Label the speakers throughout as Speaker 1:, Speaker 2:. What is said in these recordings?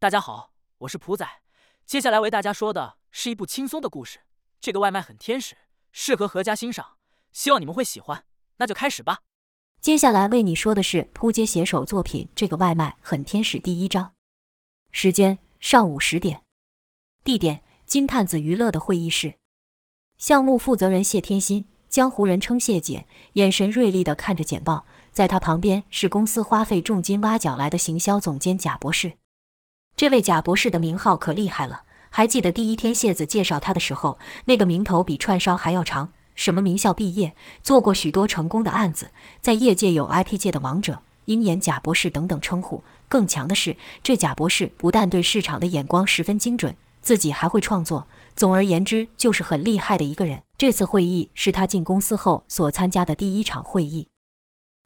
Speaker 1: 大家好，我是普仔，接下來為大家說的是一部輕鬆的故事。這個外賣很天使，適合合家欣賞，希望你們會喜歡。那就開始吧。接下來為你說的是撲街寫手作品《這個外賣很天使》第一章。時間上午十點，地點金探子娛樂的會議室。項目負責人謝天心，江湖人稱謝姐，眼神銳利的看着簡報。在她旁邊是公司花費重金挖角來的行銷總監賈博士。這位賈博士的名號可厲害了，還記得第一天謝子介紹他的時候，那個名頭比串燒還要長，什麼名校畢業，做過許多成功的案子，在業界有 IP 界的王者、鷹眼、賈博士等等稱呼。更強的是，這賈博士不但對市場的眼光十分精準，自己還會創作。總而言之，就是很厲害的一個人。這次會議是他進公司後所參加的第一場會議，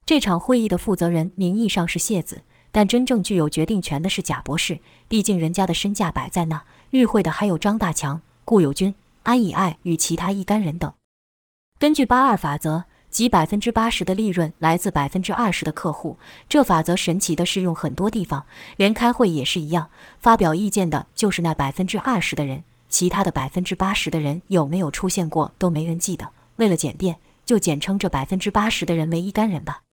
Speaker 1: 這場會議的負責人名義上是謝子。但真正具有決定權的是賈博士，畢竟人家的身價擺在那。與會的還有張大強、顧友軍、安以愛與其他一干人等。根據八二法則，即百分之八十的利潤來自百分之二十的客戶，這法則神奇的適用很多地方，連開會也是一樣。發表意見的就是那百分之二十的人，其他的百分之八十的人有沒有出現過都沒人記得。為了簡便，就簡稱這百分之八十的人為一干人吧。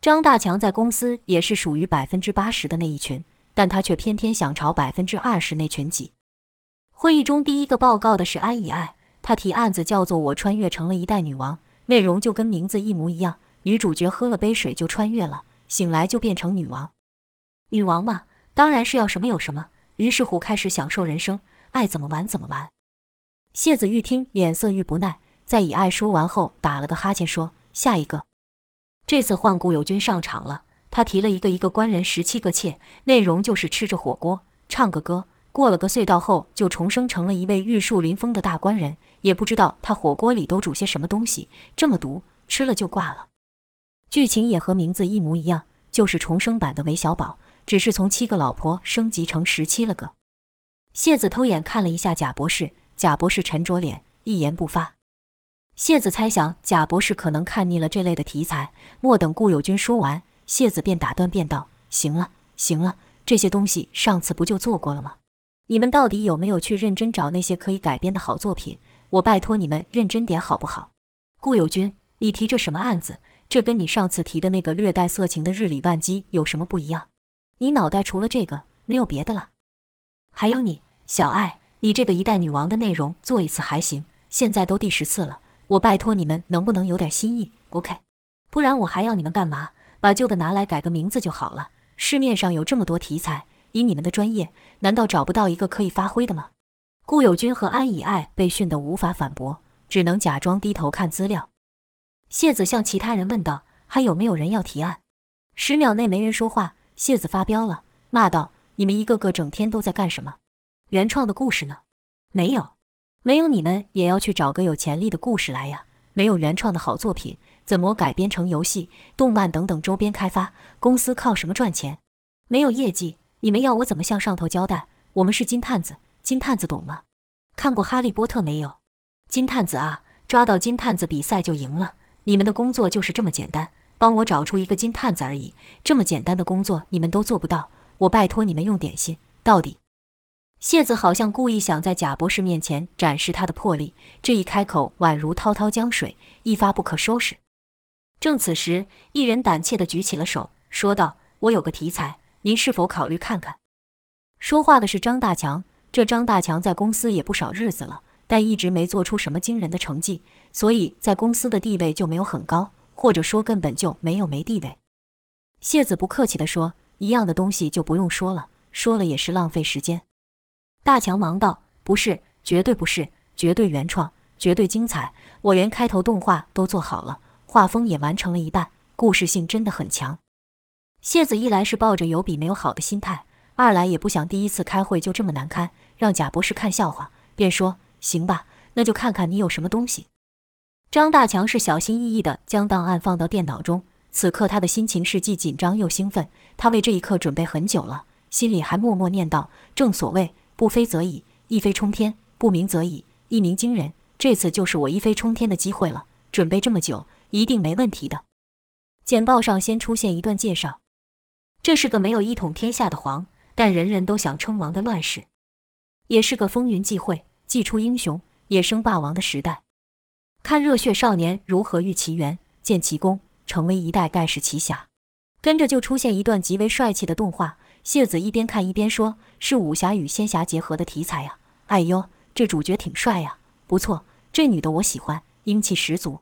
Speaker 1: 張大強在公司也是屬於百分之八十的那一群，但他卻偏偏想朝百分之二十那群擠。會議中第一個報告的是安以愛，她提案子叫做《我穿越成了一代女王》，內容就跟名字一模一樣。女主角喝了杯水就穿越了，醒來就變成女王。女王嘛，當然是要什麼有什麼。於是乎開始享受人生，愛怎麼玩怎麼玩。謝子玉聽臉色愈不耐，在以愛說完後打了個哈欠說：“下一個。”這次換顧友軍上場了，他提了一個一個官人，十七個妾，內容就是吃着火鍋唱個歌，過了個隧道後就重生成了一位玉樹臨風的大官人，也不知道他火鍋裡都煮些什麼東西，這麼毒，吃了就掛了。劇情也和名字一模一樣，就是重生版的韋小寶，只是從七個老婆升級成十七了個。謝子偷眼看了一下賈博士，賈博士沉着臉，一言不發。謝子猜想賈博士可能看膩了這類的題材。莫等顧友軍說完，謝子便打斷，便道：“行了，行了，這些東西上次不就做過了嗎？你們到底有沒有去認真找那些可以改編的好作品？我拜托你們認真點好不好？顧友軍，你提這什麼案子？這跟你上次提的那個略帶色情的日理萬機有什麼不一樣？你腦袋除了這個沒有別的了？還有你小艾，你這個一代女王的內容做一次還行，現在都第十次了。”我拜托你們，能不能有點新意？OK，不然我還要你們幹嘛？把舊的拿來改個名字就好了。市面上有這麼多題材，以你們的專業，難道找不到一個可以發揮的嗎？顧友軍和安以愛被訓得無法反駁，只能假裝低頭看資料。謝子向其他人問道：“還有沒有人要提案？”十秒內沒人說話，謝子發飆了，罵道：“你們一個個整天都在幹什麼？原創的故事呢？沒有。”沒有，你們也要去找個有潛力的故事來呀！沒有原創的好作品，怎麼改編成遊戲、動漫等等周邊開發？公司靠什麼賺錢？沒有業績，你們要我怎麼向上頭交代？我們是金探子，金探子懂嗎？看過《哈利波特》沒有？金探子啊，抓到金探子比賽就贏了。你們的工作就是這麼簡單，幫我找出一個金探子而已。這麼簡單的工作你們都做不到，我拜托你們用點心，到底。謝子好像故意想在賈博士面前展示他的魄力，這一開口宛如滔滔江水，一發不可收拾。正此時，一人膽怯地舉起了手，說道：“我有個題材，您是否考慮看看？”說話的是張大強。這張大強在公司也不少日子了，但一直沒做出什麼驚人的成績，所以在公司的地位就沒有很高，或者說根本就沒有沒地位。謝子不客氣地說：“一樣的東西就不用說了，說了也是浪費時間。”大強忙道：“不是，絕對不是，絕對原創，絕對精彩。我連開頭動畫都做好了，畫風也完成了一半，故事性真的很強。”謝子一來是抱着有比沒有好的心態，二來也不想第一次開會就這麼難堪，讓賈博士看笑話，便說：“行吧，那就看看你有什麼東西。”張大強是小心翼翼地將檔案放到電腦中，此刻他的心情是既緊張又興奮，他為這一刻準備很久了，心裡還默默念道：“正所謂。”不飛則已，一飛沖天；不鳴則已，一鳴驚人。這次就是我一飛沖天的機會了。準備這麼久，一定沒問題的。簡報上先出現一段介紹：這是個沒有一統天下的皇，但人人都想稱王的亂世，也是個風雲際會、祭出英雄、也生霸王的時代。看熱血少年如何遇奇緣、建奇功，成為一代蓋世奇俠。跟着就出現一段極為帥氣的動畫。謝子一邊看一邊說：“是武俠與仙俠結合的題材呀，哎呦，這主角挺帥呀，不錯，這女的我喜歡，英氣十足。”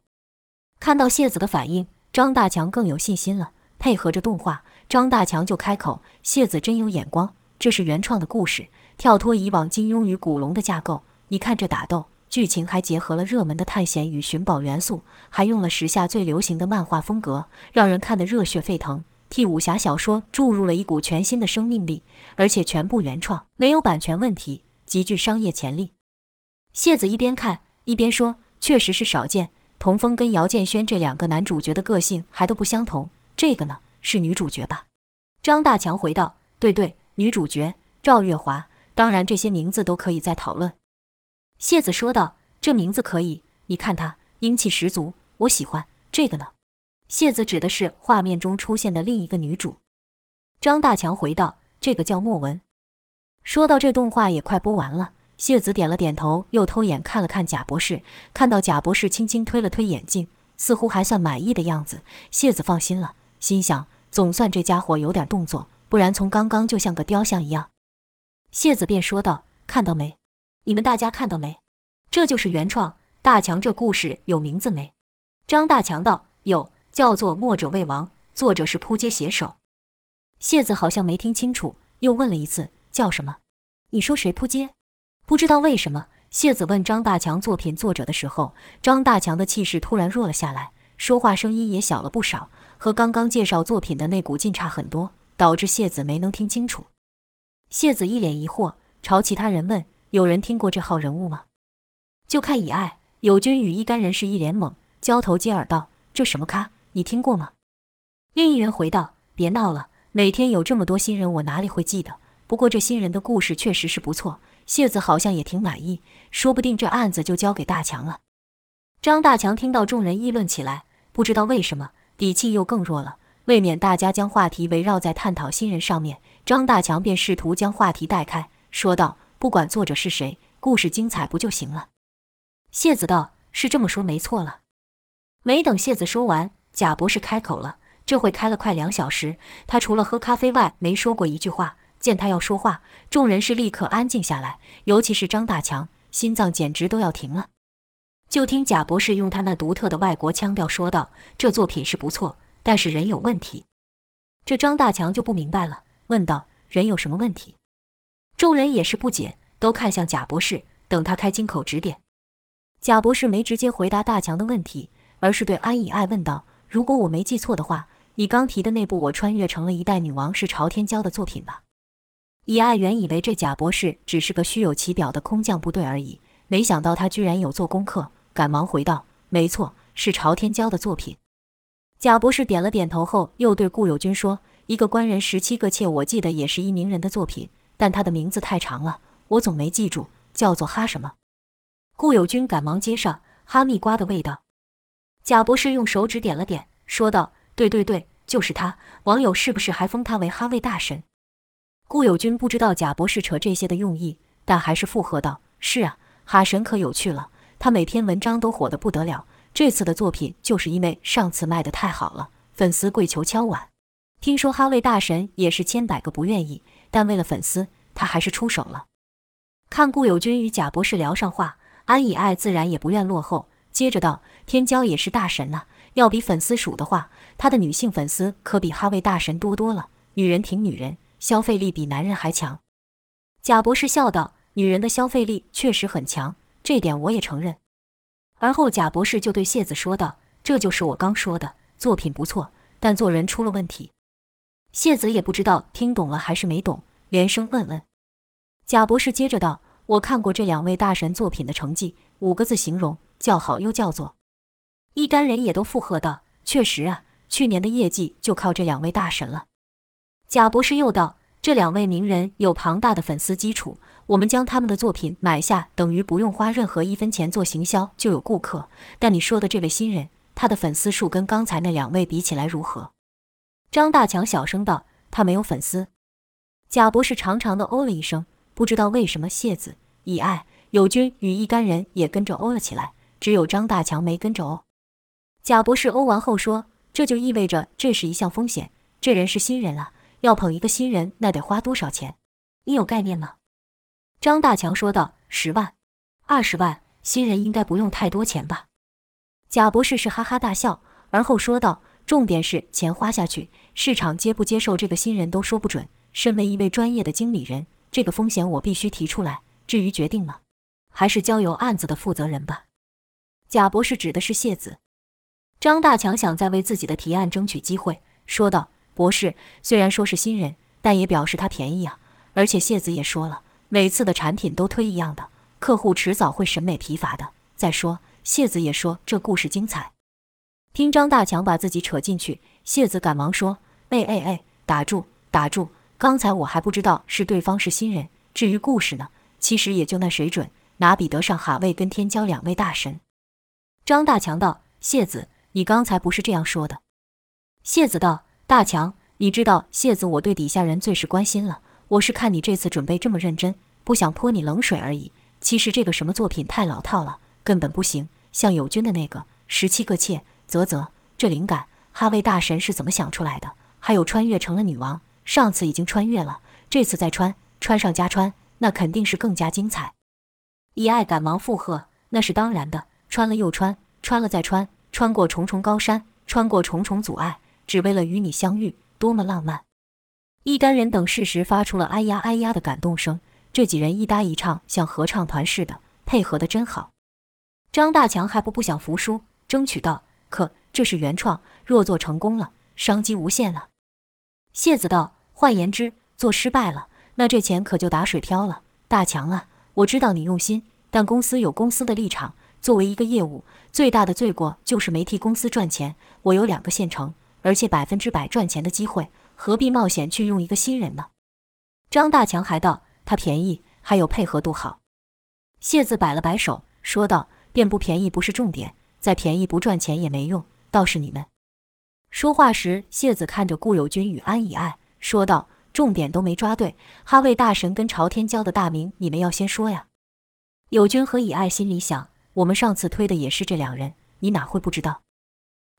Speaker 1: 看到謝子的反應，張大強更有信心了。配合着動畫，張大強就開口：“謝子真有眼光，這是原創的故事，跳脫以往金庸與古龍的架構。你看這打鬥劇情，還結合了熱門的探險與尋寶元素，還用了時下最流行的漫畫風格，讓人看得熱血沸騰。”替武俠小說注入了一股全新的生命力，而且全部原創，沒有版權問題，極具商業潛力。謝子一邊看一邊說：“確實是少見，童峰跟姚建軒這兩個男主角的個性還都不相同。這個呢，是女主角吧？”張大強回道：“對對，女主角趙月華。當然，這些名字都可以再討論。”謝子說道：“這名字可以，你看她英氣十足，我喜歡。這個呢？”謝子指的是畫面中出現的另一個女主。張大強回道：“這個叫莫文。”說到這，動畫也快播完了。謝子點了點頭，又偷眼看了看賈博士，看到賈博士輕輕推了推眼鏡，似乎還算滿意的樣子。謝子放心了，心想：總算這家伙有點動作，不然從剛剛就像個雕像一樣。謝子便說道：“看到沒？你們大家看到沒？這就是原創。大強，這故事有名字沒？”張大強道：“有。”叫做《墨者未亡》，作者是撲街寫手。謝子好像沒聽清楚，又問了一次，叫什麼？你說誰撲街？不知道為什麼，謝子問張大強作品作者的時候，張大強的氣勢突然弱了下來，說話聲音也小了不少，和剛剛介紹作品的那股勁差很多，導致謝子沒能聽清楚。謝子一臉疑惑，朝其他人問：“有人聽過這號人物嗎？”就看以愛友軍與一干人士一臉懵，交頭接耳道：“這什麼咖？”你聽過嗎？另一人回道：“別鬧了，每天有這麼多新人，我哪裡會記得？不過這新人的故事確實是不錯，謝子好像也挺滿意，說不定這案子就交給大強了。”張大強聽到眾人議論起來，不知道為什麼底氣又更弱了。未免大家將話題圍繞在探討新人上面，張大強便試圖將話題帶開，說道：“不管作者是誰，故事精彩不就行了？”謝子道：“是這麼說，沒錯了。”沒等謝子說完。賈博士開口了，這會開了快兩小時，他除了喝咖啡外沒說過一句話。見他要說話，眾人是立刻安靜下來，尤其是張大強，心臟簡直都要停了。就聽賈博士用他那獨特的外國腔調說道：“這作品是不錯，但是人有問題。”這張大強就不明白了，問道：“人有什麼問題？”眾人也是不解，都看向賈博士，等他開金口指點。賈博士沒直接回答大強的問題，而是對安以愛問道：如果我沒記錯的話，你剛提的那部《我穿越成了一代女王》是朝天椒的作品吧？以愛原以為這賈博士只是個虛有其表的空降部隊而已，沒想到他居然有做功課，趕忙回道：“沒錯，是朝天椒的作品。”賈博士點了點頭後，又對顧有軍說：“一個官人十七個妾，我記得也是一名人的作品，但他的名字太長了，我總沒記住，叫做哈什麼？”顧有軍趕忙接上：“哈密瓜的味道。”賈博士用手指點了點，說道：“對對對，就是他。網友是不是還封他為哈衛大神？”顧友軍不知道賈博士扯這些的用意，但還是附和道：“是啊，哈神可有趣了。他每篇文章都火得不得了。這次的作品就是因為上次賣得太好了，粉絲跪求敲碗。聽說哈衛大神也是千百個不願意，但為了粉絲，他還是出手了。”看顧友軍與賈博士聊上話，安以愛自然也不願落後。接着道：“天驕也是大神吶、啊，要比粉絲數的話，他的女性粉絲可比哈維大神多多了。女人挺女人，消費力比男人還強。”賈博士笑道：“女人的消費力確實很強，這點我也承認。”而後賈博士就對謝子說道：“這就是我剛說的，作品不錯，但做人出了問題。”謝子也不知道聽懂了還是沒懂，連聲問問。賈博士接着道：“我看過這兩位大神作品的成績，五個字形容。”叫好又叫座，一干人也都附和道：“確實啊，去年的業績就靠這兩位大神了。”賈博士又道：“這兩位名人有龐大的粉絲基礎，我們將他們的作品買下，等於不用花任何一分錢做行銷就有顧客。”但你說的這位新人，他的粉絲數跟剛才那兩位比起來如何？”張大強小聲道：“他沒有粉絲。”賈博士長長的哦了一聲，不知道為什麼謝子、以愛、友軍與一干人也跟着哦了起來。只有張大強沒跟着哦。賈博士歐完後說：“這就意味着這是一項風險。這人是新人了，要捧一個新人，那得花多少錢？你有概念嗎？”張大強說道：“十萬、二十萬，新人應該不用太多錢吧？”賈博士是哈哈大笑，而後說道：“重點是錢花下去，市場接不接受這個新人都說不準。身為一位專業的經理人，這個風險我必須提出來。至於決定了，還是交由案子的負責人吧。”賈博士指的是謝子，張大強想再為自己的提案爭取機會，說道：“博士雖然說是新人，但也表示他便宜啊。而且謝子也說了，每次的產品都推一樣的，客戶遲早會審美疲乏的。再說謝子也說這故事精彩。”聽張大強把自己扯進去，謝子趕忙說：“哎哎哎，打住打住！剛才我還不知道是對方是新人。至於故事呢，其實也就那水準，哪比得上哈衛跟天驕兩位大神？”張大強道：“謝子，你剛才不是這樣說的。”謝子道：“大強，你知道，謝子我對底下人最是關心了。我是看你這次準備這麼認真，不想潑你冷水而已。其實這個什麼作品太老套了，根本不行。像友軍的那個十七個妾，嘖嘖，這靈感哈位大神是怎麼想出來的？還有穿越成了女王，上次已經穿越了，這次再穿穿上加穿，那肯定是更加精彩。”以愛趕忙附和：“那是當然的。”穿了又穿，穿了再穿，穿過重重高山，穿過重重阻礙，只為了與你相遇，多麼浪漫！一干人等適時發出了“哎呀哎呀”的感動聲。這幾人一搭一唱，像合唱團似的，配合得真好。張大強還不不想服輸，爭取道：“可這是原創，若做成功了，商機無限啊！”謝子道：“換言之，做失敗了，那這錢可就打水漂了。”大強啊，我知道你用心，但公司有公司的立場。作為一個業務，最大的罪過就是沒替公司賺錢。我有兩個現成，而且百分之百賺錢的機會，何必冒險去用一個新人呢？張大強還道他便宜，還有配合度好。謝子擺了擺手，說道：“便不便宜不是重點，再便宜不賺錢也沒用。倒是你們。”說話時，謝子看着顧友軍與安以愛，說道：“重點都沒抓對，哈維大神跟朝天椒的大名，你們要先說呀。”友軍和以愛心裡想。我們上次推的也是這兩人，你哪會不知道？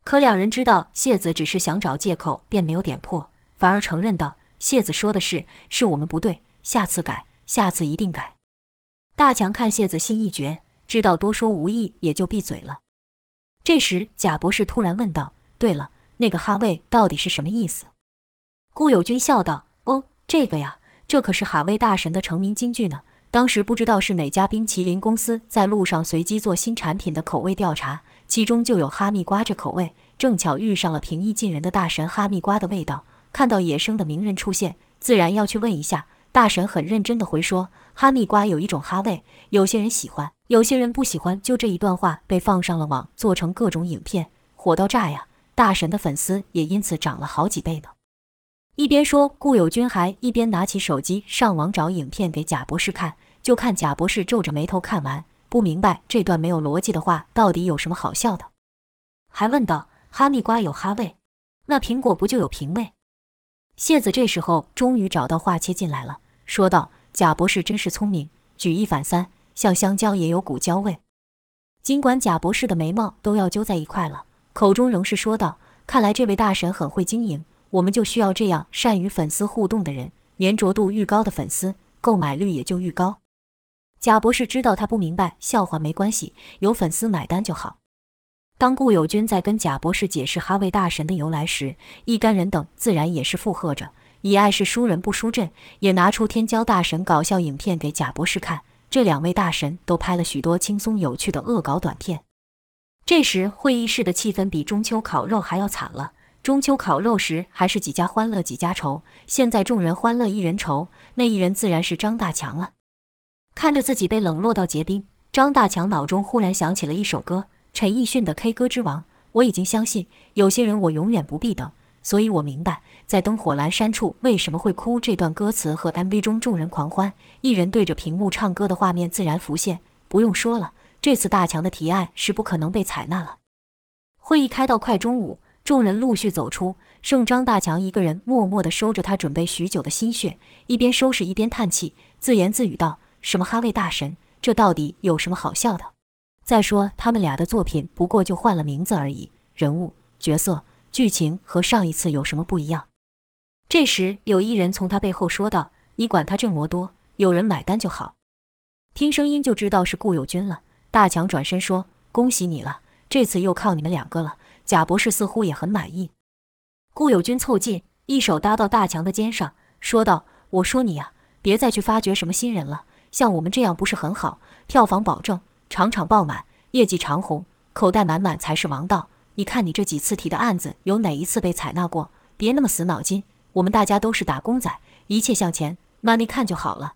Speaker 1: 可兩人知道謝子只是想找借口，便沒有點破，反而承認道：“謝子說的是，是我們不對，下次改，下次一定改。”大強看謝子心意決，知道多說無益，也就閉嘴了。這時，賈博士突然問道：“對了，那個哈衛到底是什麼意思？”顧友軍笑道：“哦，這個呀，這可是哈衛大神的成名金句呢。”當時不知道是哪家冰淇淋公司在路上隨機做新產品的口味調查，其中就有哈密瓜這口味。正巧遇上了平易近人的大神哈密瓜的味道，看到野生的名人出現，自然要去問一下。大神很認真的回說：“哈密瓜有一種哈味，有些人喜歡，有些人不喜歡。”就這一段話被放上了網，做成各種影片，火到炸呀！大神的粉絲也因此漲了好幾倍呢。一邊說，顧有軍還一邊拿起手機上網找影片給賈博士看，就看賈博士皺着眉頭看完，不明白這段沒有邏輯的話到底有什麼好笑的，還問道：“哈密瓜有哈味，那蘋果不就有蘋味？”謝子這時候終於找到話切進來了，說道：“賈博士真是聰明，舉一反三，像香蕉也有股蕉味。”儘管賈博士的眉毛都要揪在一塊了，口中仍是說道：“看來這位大神很會經營。”我們就需要這樣善於粉絲互動的人，粘着度愈高的粉絲，購買率也就愈高。賈博士知道他不明白，笑話沒關係，有粉絲買單就好。當顧友軍在跟賈博士解釋哈維大神的由來時，一干人等自然也是附和着，以愛是輸人不輸陣，也拿出天驕大神搞笑影片給賈博士看。這兩位大神都拍了許多輕鬆有趣的惡搞短片。這時，會議室的氣氛比中秋烤肉還要慘了。中秋烤肉時還是幾家歡樂幾家愁，現在眾人歡樂一人愁，那一人自然是張大強了啊。看着自己被冷落到結冰，張大強腦中忽然想起了一首歌，陳奕迅的《K 歌之王》。我已經相信有些人，我永遠不必等，所以我明白，在燈火闌珊處為什麼會哭。這段歌詞和 MV 中眾人狂歡，一人對着屏幕唱歌的畫面自然浮現。不用說了，這次大強的提案是不可能被採納了。會議開到快中午。眾人陸續走出，剩張大強一個人默默地收着他準備許久的心血，一邊收拾一邊嘆氣，自言自語道：“什麼哈位大神，這到底有什麼好笑的？再說他們倆的作品不過就換了名字而已，人物、角色、劇情和上一次有什麼不一樣？”這時，有一人從他背後說道：“你管他這麼多，有人買單就好。”聽聲音就知道是顧有軍了。大強轉身說：“恭喜你了，這次又靠你們兩個了。”賈博士似乎也很滿意，顧友軍湊近，一手搭到大強的肩上，說道：“我說你呀、啊，別再去發掘什麼新人了，像我們這樣不是很好？票房保證，場場爆滿，業績長紅，口袋滿滿才是王道。你看你這幾次提的案子，有哪一次被採納過？別那麼死腦筋，我們大家都是打工仔，一切向前，money 看就好了。”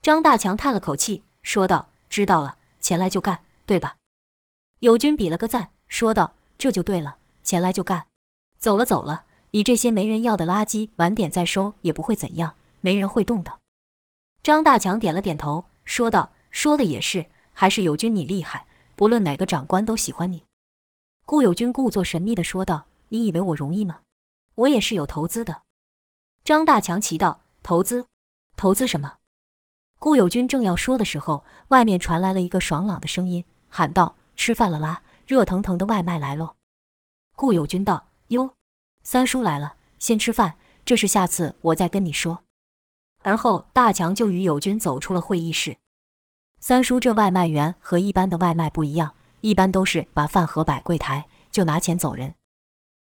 Speaker 1: 張大強嘆了口氣，說道：“知道了，錢來就幹，對吧？”友軍比了個讚，說道。這就對了，前來就幹，走了走了，你這些沒人要的垃圾，晚點再收也不會怎樣，沒人會動的。張大強點了點頭，說道：“說的也是，還是友軍你厲害，不論哪個長官都喜歡你。”顧友軍故作神秘地說道：“你以為我容易嗎？我也是有投資的。”張大強奇道：“投資？投資什麼？”顧友軍正要說的時候，外面傳來了一個爽朗的聲音，喊道：“吃飯了啦！”熱騰騰的外賣來嘍！顧友軍道：“喲，三叔來了，先吃飯。這事下次我再跟你說。”而後，大強就與友軍走出了會議室。三叔這外賣員和一般的外賣不一樣，一般都是把飯盒擺櫃檯就拿錢走人。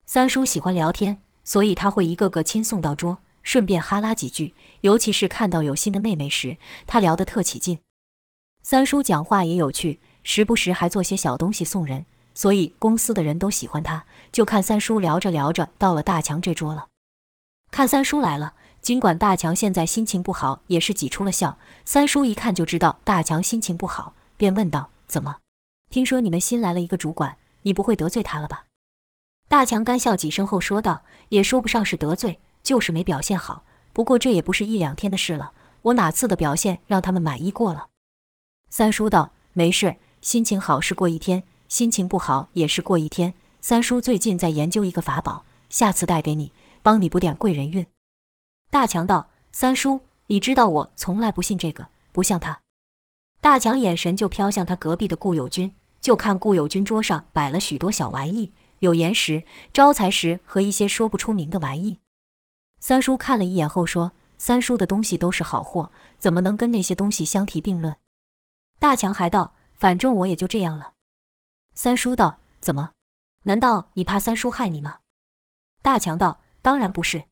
Speaker 1: 三叔喜歡聊天，所以他會一個個親送到桌，順便哈拉幾句。尤其是看到有新的妹妹時，他聊得特起勁。三叔講話也有趣。時不時還做些小東西送人，所以公司的人都喜歡他。就看三叔聊着聊着到了大強這桌了，看三叔來了，儘管大強現在心情不好，也是擠出了笑。三叔一看就知道大強心情不好，便問道：“怎麼？聽說你們新來了一個主管，你不會得罪他了吧？”大強乾笑幾聲後說道：“也說不上是得罪，就是沒表現好。不過這也不是一兩天的事了，我哪次的表現讓他們滿意過了？”三叔道：“沒事。”心情好是過一天，心情不好也是過一天。三叔最近在研究一個法寶，下次帶給你，幫你補點貴人運。大強道：“三叔，你知道我從來不信這個，不像他。”大強眼神就飄向他隔壁的顧友軍，就看顧友軍桌上擺了許多小玩意，有岩石、招財石和一些說不出名的玩意。三叔看了一眼後說：“三叔的東西都是好貨，怎麼能跟那些東西相提並論？”大強還道。反正我也就這樣了。三叔道：“怎麼？難道你怕三叔害你嗎？”大強道：“當然不是。”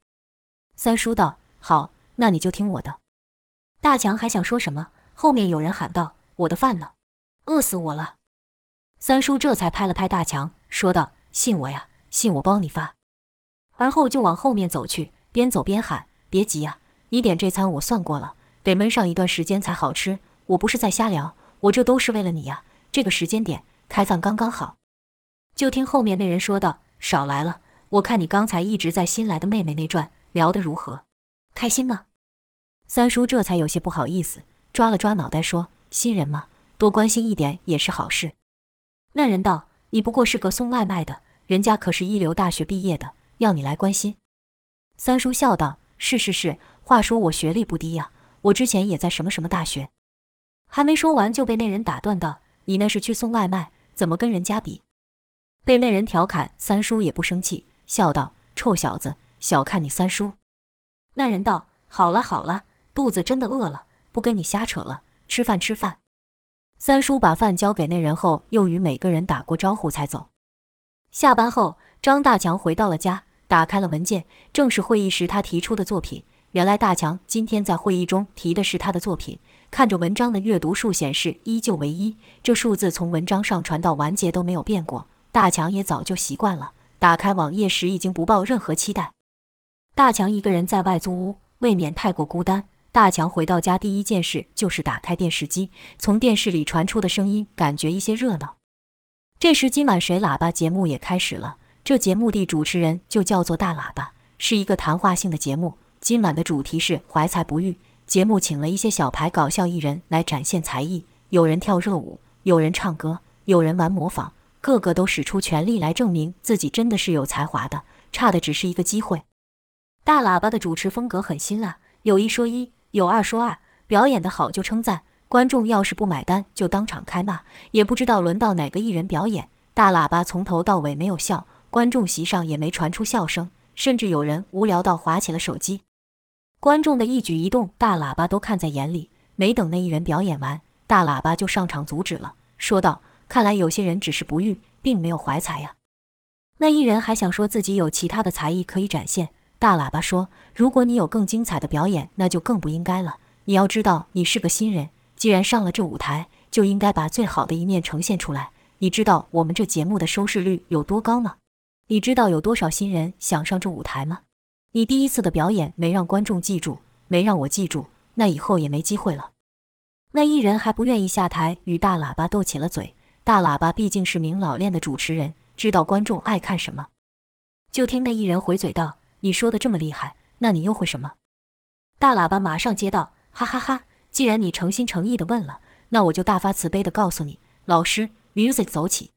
Speaker 1: 三叔道：“好，那你就聽我的。”大強還想說什麼，後面有人喊道：“我的飯呢？餓死我了！”三叔這才拍了拍大強，說道：“信我呀，信我幫你發。”而後就往後面走去，邊走邊喊：“別急呀、啊，你點這餐我算過了，得燜上一段時間才好吃。我不是在瞎聊。”我這都是為了你呀、啊，這個時間點開飯剛剛好。就聽後面那人說道：“少來了，我看你剛才一直在新來的妹妹那轉，聊得如何？開心嗎、啊？”三叔這才有些不好意思，抓了抓腦袋說：“新人嘛，多關心一點也是好事。”那人道：“你不過是個送外賣的，人家可是一流大學畢業的，要你來關心？”三叔笑道：“是是是，話說我學歷不低呀、啊，我之前也在什麼什麼大學。”還沒說完就被那人打斷道：“你那是去送外賣，怎麼跟人家比？”被那人調侃，三叔也不生氣，笑道：“臭小子，小看你三叔。”那人道：“好了好了，肚子真的餓了，不跟你瞎扯了，吃飯吃飯。”三叔把飯交給那人後，又與每個人打過招呼才走。下班後，張大強回到了家，打開了文件，正是會議時他提出的作品。原來大強今天在會議中提的是他的作品。看着文章的閱讀數顯示依舊為一，這數字從文章上傳到完結都沒有變過。大強也早就習慣了，打開網頁時已經不抱任何期待。大強一個人在外租屋，未免太過孤單。大強回到家第一件事就是打開電視機，從電視裡傳出的聲音感覺一些熱鬧。這時今晚誰喇叭節目也開始了，這節目的主持人就叫做大喇叭，是一個談話性的節目。今晚的主題是懷才不遇。節目請了一些小牌搞笑藝人來展現才藝，有人跳熱舞，有人唱歌，有人玩模仿，個個都使出全力來證明自己真的是有才華的，差的只是一個機會。大喇叭的主持風格很辛辣，有一說一，有二說二，表演得好就稱讚，觀眾要是不買單就當場開罵，也不知道輪到哪個藝人表演。大喇叭從頭到尾沒有笑，觀眾席上也沒傳出笑聲，甚至有人無聊到劃起了手機。觀眾的一舉一動，大喇叭都看在眼裡。沒等那藝人表演完，大喇叭就上場阻止了，說道：“看來有些人只是不遇，並沒有懷才呀。”那藝人還想說自己有其他的才藝可以展現。大喇叭說：“如果你有更精彩的表演，那就更不應該了。你要知道，你是個新人，既然上了這舞台，就應該把最好的一面呈現出來。你知道我們這節目的收視率有多高嗎？你知道有多少新人想上這舞台嗎？”你第一次的表演沒讓觀眾記住，沒讓我記住，那以後也沒機會了。那藝人還不願意下台，與大喇叭鬥起了嘴。大喇叭畢竟是名老練的主持人，知道觀眾愛看什麼。就聽那藝人回嘴道：“你說的這麼厲害，那你又會什麼？”大喇叭馬上接道：“哈哈哈哈，既然你誠心誠意的問了，那我就大發慈悲的告訴你，老師，music 走起！”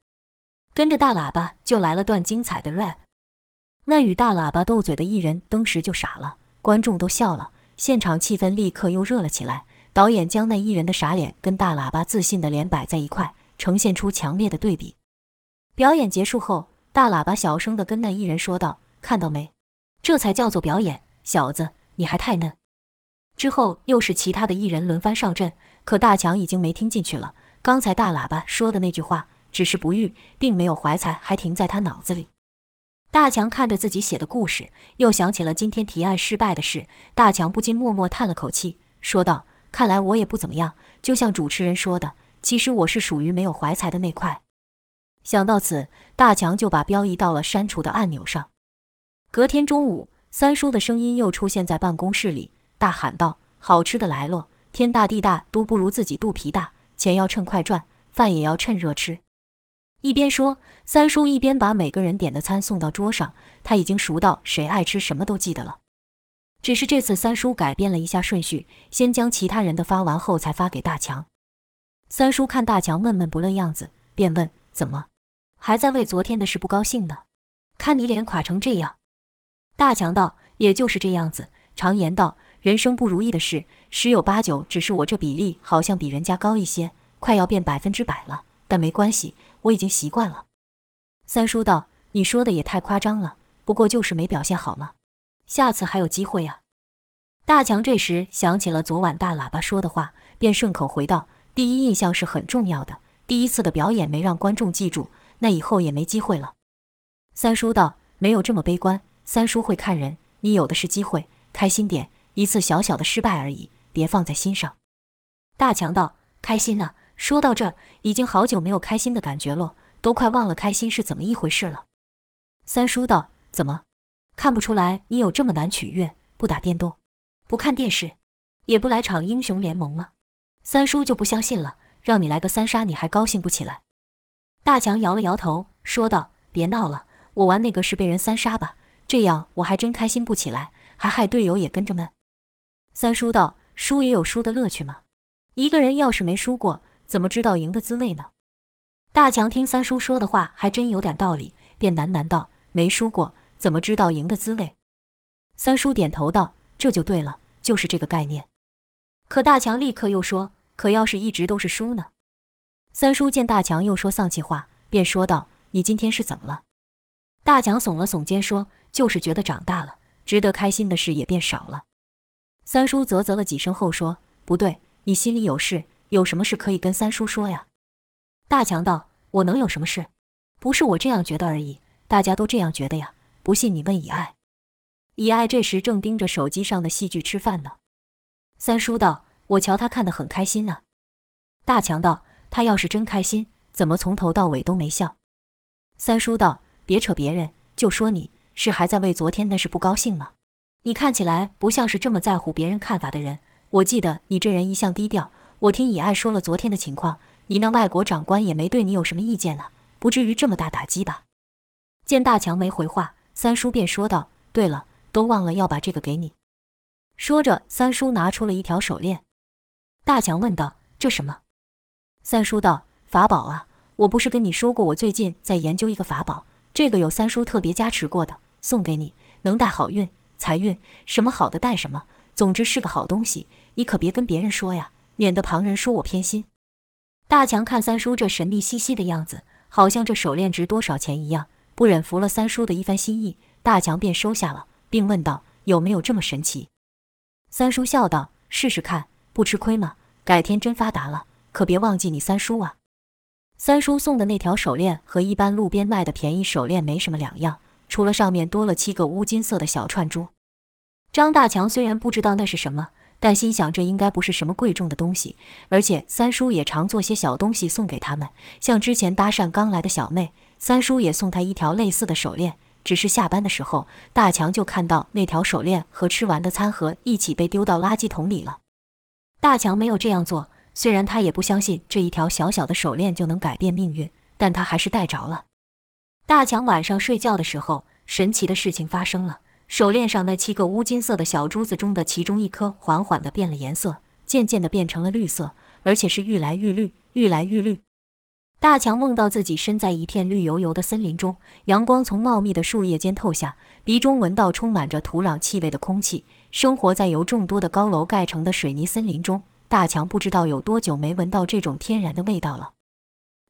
Speaker 1: 跟着大喇叭就來了段精彩的 rap。那與大喇叭鬥嘴的藝人，當時就傻了，觀眾都笑了，現場氣氛立刻又熱了起來。導演將那藝人的傻臉跟大喇叭自信的臉擺在一塊，呈現出強烈的對比。表演結束後，大喇叭小聲地跟那藝人說道：“看到沒？這才叫做表演，小子，你還太嫩。”之後又是其他的藝人輪番上陣，可大強已經沒聽進去了。剛才大喇叭說的那句話，只是不遇，並沒有懷才，還停在他腦子裡。大強看着自己寫的故事，又想起了今天提案失敗的事，大強不禁默默嘆了口氣，說道：“看來我也不怎麼樣，就像主持人說的，其實我是屬於沒有懷才的那塊。”想到此，大強就把標移到了刪除的按鈕上。隔天中午，三叔的聲音又出現在辦公室裡，大喊道：“好吃的來咯！天大地大都不如自己肚皮大，錢要趁快賺，飯也要趁熱吃。”一邊說，三叔一邊把每個人點的餐送到桌上。他已經熟到誰愛吃什麼都記得了。只是這次三叔改變了一下順序，先將其他人的發完後才發給大強。三叔看大強悶悶不樂的樣子，便問：“怎麼，還在為昨天的事不高興呢？看你臉垮成這樣。”大強道：“也就是這樣子。常言道，人生不如意的事十有八九，只是我這比例好像比人家高一些，快要變百分之百了。但沒關係。”我已經習慣了。三叔道：“你說的也太誇張了，不過就是沒表現好嗎？下次還有機會啊。”大強這時想起了昨晚大喇叭說的話，便順口回道：“第一印象是很重要的，第一次的表演沒讓觀眾記住，那以後也沒機會了。”三叔道：“沒有這麼悲觀，三叔會看人，你有的是機會，開心點，一次小小的失敗而已，別放在心上。”大強道：“開心啊。”說到這，已經好久沒有開心的感覺了，都快忘了開心是怎麼一回事了。三叔道：“怎麼，看不出來你有這麼難取悅？不打電動，不看電視，也不來場英雄聯盟了？”三叔就不相信了，讓你來個三殺，你還高興不起來？大強搖了搖頭，說道：“別鬧了，我玩那個是被人三殺吧？這樣我還真開心不起來，還害隊友也跟着悶。”三叔道：“輸也有輸的樂趣嗎？一個人要是沒輸過。”怎麼知道贏的滋味呢？大強聽三叔說的話，還真有點道理，便喃喃道：“沒輸過，怎麼知道贏的滋味？”三叔點頭道：“這就對了，就是這個概念。”可大強立刻又說：“可要是一直都是輸呢？”三叔見大強又說喪氣話，便說道：“你今天是怎麼了？”大強聳了聳肩說：“就是覺得長大了，值得開心的事也變少了。”三叔嘖嘖了幾聲後說：“不對，你心裡有事。”有什麼事可以跟三叔說呀？大強道：“我能有什麼事？不是我這樣覺得而已，大家都這樣覺得呀。不信你問以愛。”以愛這時正盯着手機上的戲劇吃飯呢。三叔道：“我瞧他看得很開心呢。”大強道：“他要是真開心，怎麼從頭到尾都沒笑？”三叔道：“別扯別人，就說你是還在為昨天的事不高興嗎？你看起來不像是這麼在乎別人看法的人。我記得你這人一向低調。”我聽以愛說了昨天的情況，你那外國長官也沒對你有什麼意見呢、啊，不至於這麼大打擊吧？見大強沒回話，三叔便說道：“對了，都忘了要把這個給你。”說着，三叔拿出了一條手鏈。大強問道：“這什麼？”三叔道：“法寶啊！我不是跟你說過，我最近在研究一個法寶，這個有三叔特別加持過的，送給你，能帶好運、財運，什麼好的帶什麼，總之是個好東西，你可別跟別人說呀。”免得旁人說我偏心。大強看三叔這神秘兮兮的樣子，好像這手鏈值多少錢一樣，不忍拂了三叔的一番心意，大強便收下了，並問道：“有沒有這麼神奇？”三叔笑道：“試試看，不吃虧嗎？改天真發達了，可別忘記你三叔啊。”三叔送的那條手鏈和一般路邊賣的便宜手鏈沒什麼兩樣，除了上面多了七個烏金色的小串珠。張大強雖然不知道那是什麼。但心想這應該不是什麼貴重的東西，而且三叔也常做些小東西送給他們，像之前搭訕剛來的小妹，三叔也送她一條類似的手鏈，只是下班的時候，大強就看到那條手鏈和吃完的餐盒一起被丟到垃圾桶裡了。大強沒有這樣做，雖然他也不相信這一條小小的手鏈就能改變命運，但他還是帶着了。大強晚上睡覺的時候，神奇的事情發生了。手鏈上那七個烏金色的小珠子中的其中一顆，緩緩地變了顏色，漸漸地變成了綠色，而且是愈來愈綠，愈來愈綠。大強夢到自己身在一片綠油油的森林中，陽光從茂密的樹葉間透下，鼻中聞到充滿着土壤氣味的空氣。生活在由眾多的高樓蓋成的水泥森林中，大強不知道有多久沒聞到這種天然的味道了。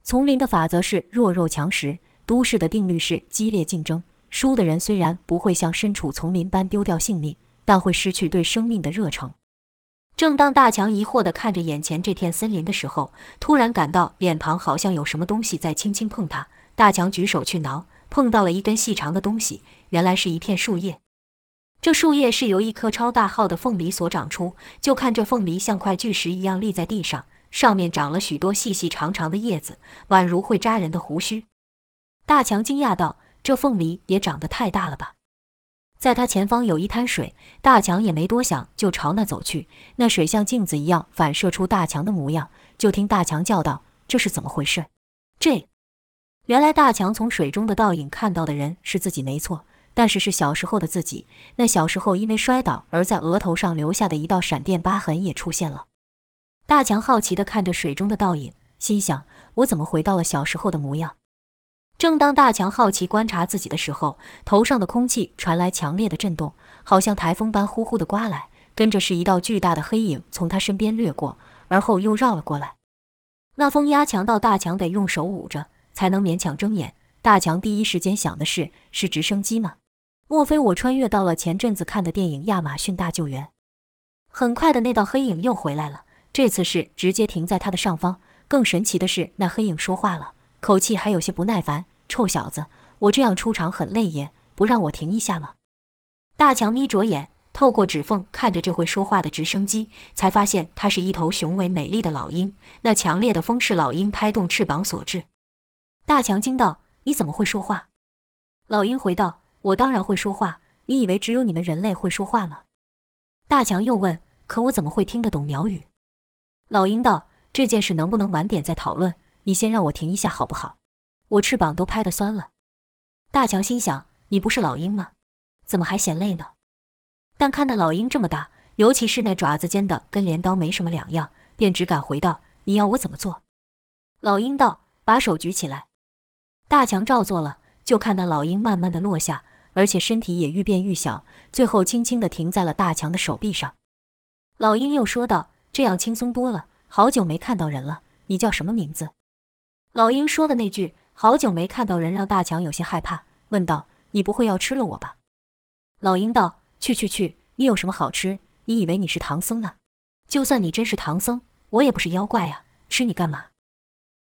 Speaker 1: 叢林的法則是弱肉強食，都市的定律是激烈競爭。輸的人雖然不會像身處叢林般丟掉性命，但會失去對生命的熱誠。正當大強疑惑地看着眼前這片森林的時候，突然感到臉龐好像有什麼東西在輕輕碰它。大強舉手去撓，碰到了一根細長的東西，原來是一片樹葉。這樹葉是由一棵超大號的鳳梨所長出。就看這鳳梨像塊巨石一樣立在地上，上面長了許多細細長長的葉子，宛如會扎人的鬍鬚。大強驚訝道。這鳳梨也長得太大了吧！在他前方有一灘水，大強也沒多想就朝那走去。那水像鏡子一樣反射出大強的模樣。就聽大強叫道：“這是怎麼回事？”這原來大強從水中的倒影看到的人是自己沒錯，但是是小時候的自己。那小時候因為摔倒而在額頭上留下的一道閃電疤痕也出現了。大強好奇地看着水中的倒影，心想：“我怎麼回到了小時候的模樣？”正當大強好奇觀察自己的時候，頭上的空氣傳來強烈的震動，好像台風般呼呼地刮來。跟着是一道巨大的黑影從他身邊掠過，而後又繞了過來。那風壓強到大強得用手捂着才能勉強睜眼。大強第一時間想的是：是直升機嗎？莫非我穿越到了前陣子看的電影《亞馬遜大救援》？很快的，那道黑影又回來了，這次是直接停在他的上方。更神奇的是，那黑影說話了，口氣還有些不耐煩。臭小子，我這樣出場很累耶，不讓我停一下嗎？大強眯着眼，透過指縫看着這會說話的直升機，才發現它是一頭雄偉美麗的老鷹。那強烈的風是老鷹拍動翅膀所致。大強驚道：“你怎麼會說話？”老鷹回道：“我當然會說話，你以為只有你們人類會說話嗎？”大強又問：“可我怎麼會聽得懂鳥語？”老鷹道：“這件事能不能晚點再討論？你先讓我停一下好不好？”我翅膀都拍得酸了，大強心想：你不是老鷹嗎？怎麼還嫌累呢？但看到老鷹這麼大，尤其是那爪子尖的，跟鐮刀沒什麼兩樣，便只敢回道：“你要我怎麼做？”老鷹道：“把手舉起來。”大強照做了，就看到老鷹慢慢的落下，而且身體也愈變愈小，最後輕輕的停在了大強的手臂上。老鷹又說道：“這樣輕鬆多了，好久沒看到人了，你叫什麼名字？”老鷹說的那句。好久沒看到人，讓大強有些害怕，問道：“你不會要吃了我吧？”老鷹道：“去去去，你有什麼好吃？你以為你是唐僧呢？就算你真是唐僧，我也不是妖怪呀、啊，吃你幹嘛？”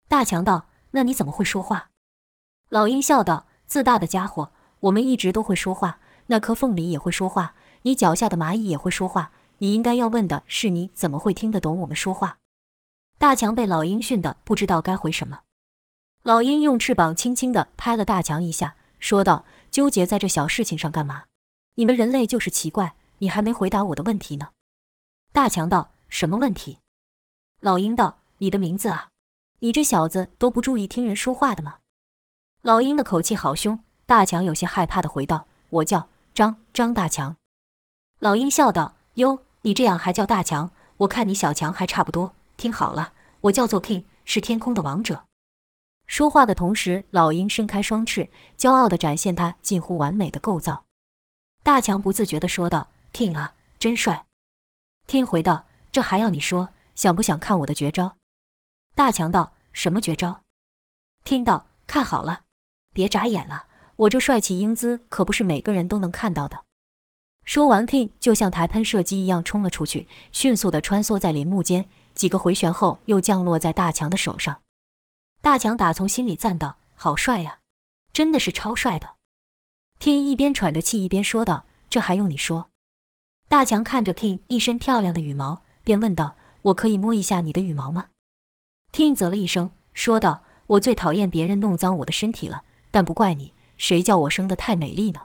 Speaker 1: 大強道：“那你怎麼會說話？”老鷹笑道：“自大的家伙，我們一直都會說話。那顆鳳梨也會說話，你腳下的螞蟻也會說話。你應該要問的是，你怎麼會聽得懂我們說話？”大強被老鷹訓得不知道該回什麼。老鷹用翅膀輕輕地拍了大強一下，說道：“糾結在這小事情上幹嘛？你們人類就是奇怪，你還沒回答我的問題呢。”大強道：“什麼問題？”老鷹道：“你的名字啊！你這小子都不注意聽人說話的嗎？”老鷹的口氣好凶，大強有些害怕地回道：“我叫張張大強。”老鷹笑道：“喲，你這樣還叫大強？我看你小強還差不多。聽好了，我叫做 King，是天空的王者。”說話的同時，老鷹伸開雙翅，驕傲地展現它近乎完美的構造。大強不自覺地說道：“King 啊，真帥。”King 回道：“這還要你說？想不想看我的絕招？”大強道：“什麼絕招？”King 道：“看好了，別眨眼了，我這帥氣英姿可不是每個人都能看到的。”說完，King 就像台噴射機一樣衝了出去，迅速地穿梭在林木間，幾個回旋後又降落在大強的手上。大強打從心裡讚道：“好帥呀，真的是超帥的。”King 一邊喘着氣，一邊說道：“這還用你說？”大強看着 King 一身漂亮的羽毛，便問道：“我可以摸一下你的羽毛嗎？”King 嘖了一聲，說道：“我最討厭別人弄髒我的身體了，但不怪你，誰叫我生得太美麗呢？”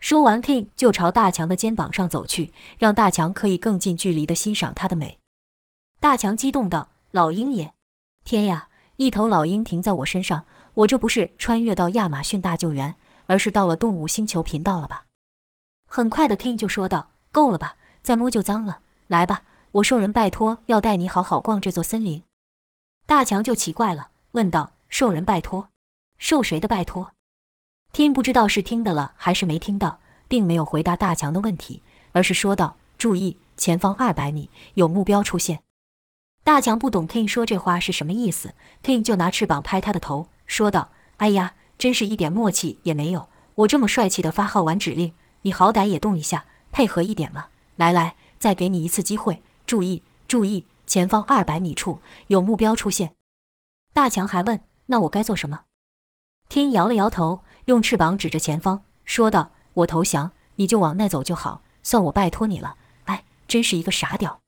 Speaker 1: 說完，King 就朝大強的肩膀上走去，讓大強可以更近距離地欣賞它的美。大強激動道：“老鷹爺，天呀！”一頭老鷹停在我身上，我這不是穿越到亞馬遜大救援，而是到了動物星球頻道了吧？很快的，King 就說道：“夠了吧，再摸就髒了。來吧，我受人拜托，要帶你好好逛這座森林。”大強就奇怪了，問道：“受人拜托，受誰的拜托？”King 不知道是聽的了還是沒聽到，並沒有回答大強的問題，而是說道：“注意，前方二百米有目標出現。”大強不懂 King 說這話是什麼意思，King 就拿翅膀拍他的頭，說道：“哎呀，真是一點默契也沒有！我這麼帥氣的發號完指令，你好歹也動一下，配合一點嘛！來來，再給你一次機會，注意，注意，前方二百米處有目標出現。”大強還問：“那我該做什麼？”King 搖了搖頭，用翅膀指着前方，說道：“我投降，你就往那走就好，算我拜托你了。哎，真是一個傻屌。”